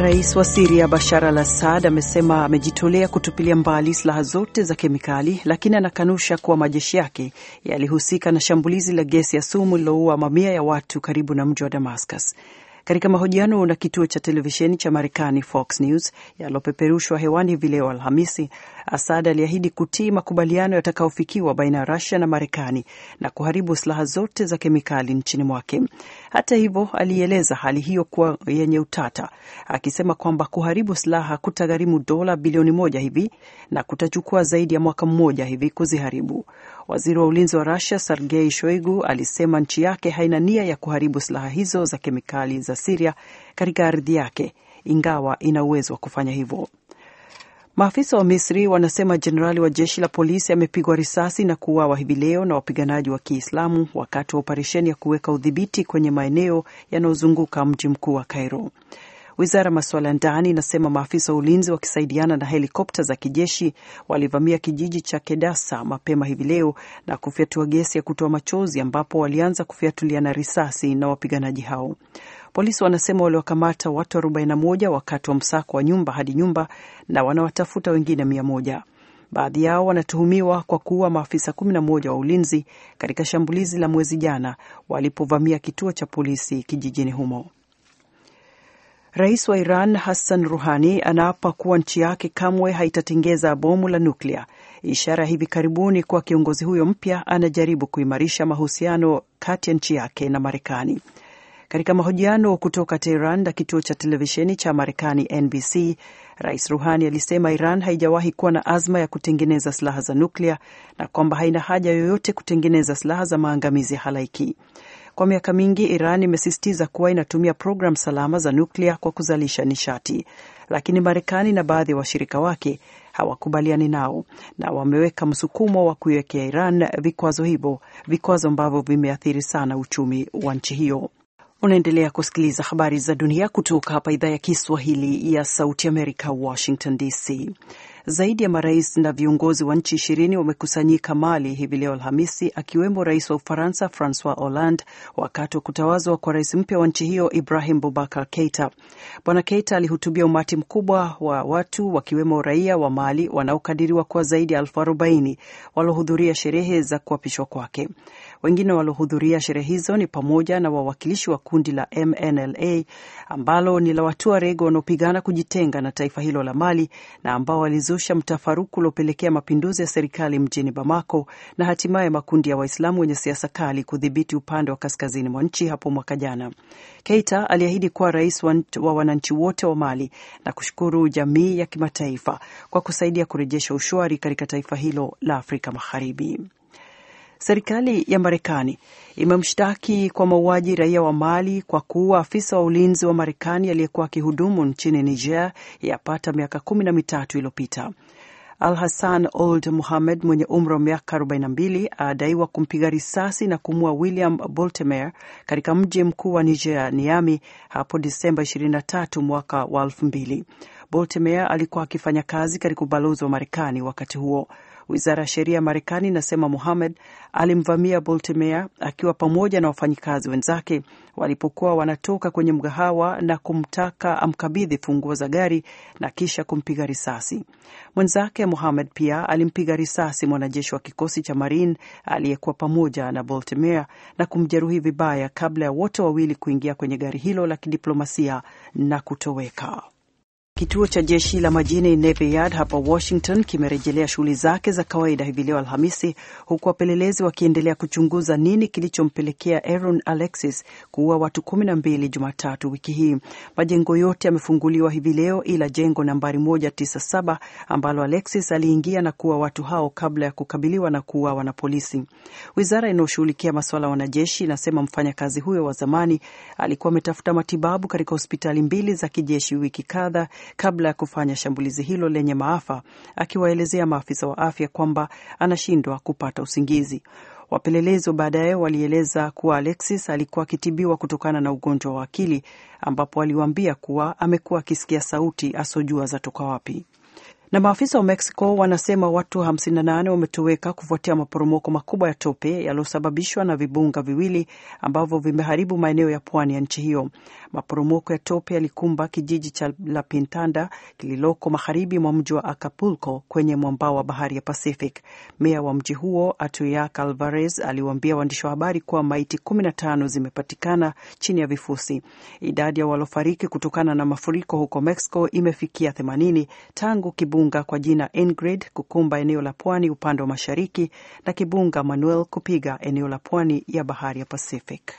Rais wa Siria Bashar al Assad amesema amejitolea kutupilia mbali silaha zote za kemikali, lakini anakanusha kuwa majeshi yake yalihusika na shambulizi la gesi ya sumu lililoua mamia ya watu karibu na mji wa Damascus. Katika mahojiano na kituo cha televisheni cha Marekani Fox News yaliyopeperushwa hewani hivi leo Alhamisi, Asad aliahidi kutii makubaliano yatakayofikiwa baina ya Rusia na Marekani na kuharibu silaha zote za kemikali nchini mwake. Hata hivyo, alieleza hali hiyo kuwa yenye utata, akisema kwamba kuharibu silaha kutagharimu dola bilioni moja hivi na kutachukua zaidi ya mwaka mmoja hivi kuziharibu. Waziri wa ulinzi wa rasia Sergei Shoigu alisema nchi yake haina nia ya kuharibu silaha hizo za kemikali za Siria katika ardhi yake, ingawa ina uwezo wa kufanya hivyo. Maafisa wa Misri wanasema jenerali wa jeshi la polisi amepigwa risasi na kuuawa hivi leo na wapiganaji wa Kiislamu wakati wa operesheni ya kuweka udhibiti kwenye maeneo yanayozunguka mji mkuu wa Cairo. Wizara ya masuala ya ndani inasema maafisa wa ulinzi wakisaidiana na helikopta za kijeshi walivamia kijiji cha Kedasa mapema hivi leo na kufyatua gesi ya kutoa machozi ambapo walianza kufyatuliana risasi na wapiganaji hao. Polisi wanasema waliwakamata watu 41 wakati wa msako wa nyumba hadi nyumba na wanawatafuta wengine 100. Baadhi yao wanatuhumiwa kwa kuua maafisa 11 wa ulinzi katika shambulizi la mwezi jana walipovamia kituo cha polisi kijijini humo. Rais wa Iran Hassan Ruhani anaapa kuwa nchi yake kamwe haitatengeza bomu la nuklia, ishara hivi karibuni kuwa kiongozi huyo mpya anajaribu kuimarisha mahusiano kati ya nchi yake na Marekani. Katika mahojiano kutoka teheran na kituo cha televisheni cha Marekani NBC, Rais Ruhani alisema Iran haijawahi kuwa na azma ya kutengeneza silaha za nuklia na kwamba haina haja yoyote kutengeneza silaha za maangamizi ya halaiki. Kwa miaka mingi Iran imesisitiza kuwa inatumia programu salama za nuklia kwa kuzalisha nishati, lakini Marekani na baadhi ya wa washirika wake hawakubaliani nao na wameweka msukumo wa kuiwekea Iran vikwazo hivyo, vikwazo ambavyo vimeathiri sana uchumi wa nchi hiyo. Unaendelea kusikiliza habari za dunia kutoka hapa idhaa ya Kiswahili ya Sauti Amerika, Washington DC. Zaidi ya marais na viongozi wa nchi ishirini wamekusanyika Mali hivi leo Alhamisi, akiwemo rais wa Ufaransa Francois Hollande wakati wa kutawazwa kwa rais mpya wa nchi hiyo Ibrahim bubakar Keita. Bwana Keita alihutubia umati mkubwa wa watu wakiwemo raia wa Mali wanaokadiriwa kuwa zaidi ya elfu arobaini waliohudhuria sherehe za kuapishwa kwake. Wengine waliohudhuria sherehe hizo ni pamoja na wawakilishi wa kundi la MNLA ambalo ni la Watuareg wanaopigana kujitenga na taifa hilo la Mali na ambao walizusha mtafaruku uliopelekea mapinduzi ya serikali mjini Bamako na hatimaye makundi ya Waislamu wenye siasa kali kudhibiti upande wa kaskazini mwa nchi hapo mwaka jana. Keita aliahidi kuwa rais wa wananchi wote wa Mali na kushukuru jamii ya kimataifa kwa kusaidia kurejesha ushwari katika taifa hilo la Afrika Magharibi serikali ya Marekani imemshtaki kwa mauaji raia wa Mali kwa kuua afisa wa ulinzi wa Marekani aliyekuwa akihudumu nchini Niger yapata miaka kumi na mitatu iliyopita. Al Hassan old muhamed mwenye umri wa miaka 42 adaiwa kumpiga risasi na kumua William Boltemer katika mji mkuu wa Niger, Niami, hapo Disemba 23 mwaka wa 2000. Boltemer alikuwa akifanya kazi katika ubalozi wa Marekani wakati huo. Wizara ya sheria ya Marekani inasema muhamed alimvamia Boltemea akiwa pamoja na wafanyikazi wenzake walipokuwa wanatoka kwenye mgahawa na kumtaka amkabidhi funguo za gari na kisha kumpiga risasi. Mwenzake muhamed pia alimpiga risasi mwanajeshi wa kikosi cha Marine aliyekuwa pamoja na Boltemea na kumjeruhi vibaya kabla ya wote wawili kuingia kwenye gari hilo la kidiplomasia na kutoweka. Kituo cha jeshi la majini Navy Yard hapa Washington kimerejelea shughuli zake za kawaida hivi leo Alhamisi, huku wapelelezi wakiendelea kuchunguza nini kilichompelekea Aaron Alexis kuua watu kumi na mbili Jumatatu wiki hii. Majengo yote yamefunguliwa hivi leo ila jengo nambari 197 ambalo Alexis aliingia na kuua watu hao kabla ya kukabiliwa na kuuawa na polisi. Wizara inayoshughulikia masuala ya wanajeshi inasema mfanyakazi huyo wa zamani alikuwa ametafuta matibabu katika hospitali mbili za kijeshi wiki kadha kabla ya kufanya shambulizi hilo lenye maafa, akiwaelezea maafisa wa afya kwamba anashindwa kupata usingizi. Wapelelezi wa baadaye walieleza kuwa Alexis alikuwa akitibiwa kutokana na ugonjwa wa akili, ambapo aliwaambia kuwa amekuwa akisikia sauti asojua zatoka wapi. Na maafisa wa Mexico wanasema watu 58 wametoweka kufuatia maporomoko makubwa ya tope yaliyosababishwa na vibunga viwili ambavyo vimeharibu maeneo ya pwani ya nchi hiyo. Maporomoko ya tope yalikumba kijiji cha La Pintanda kililoko magharibi mwa mji wa Acapulco kwenye mwambao wa bahari ya Pacific. Meya wa mji huo Atuyak Alvarez aliwaambia waandishi wa habari kuwa maiti 15 zimepatikana chini ya vifusi. Idadi ya waliofariki kutokana na mafuriko huko Mexico imefikia 80 tangu kibunga kimbunga kwa jina Ingrid kukumba eneo la pwani upande wa mashariki na kibunga Manuel kupiga eneo la pwani ya bahari ya Pacific.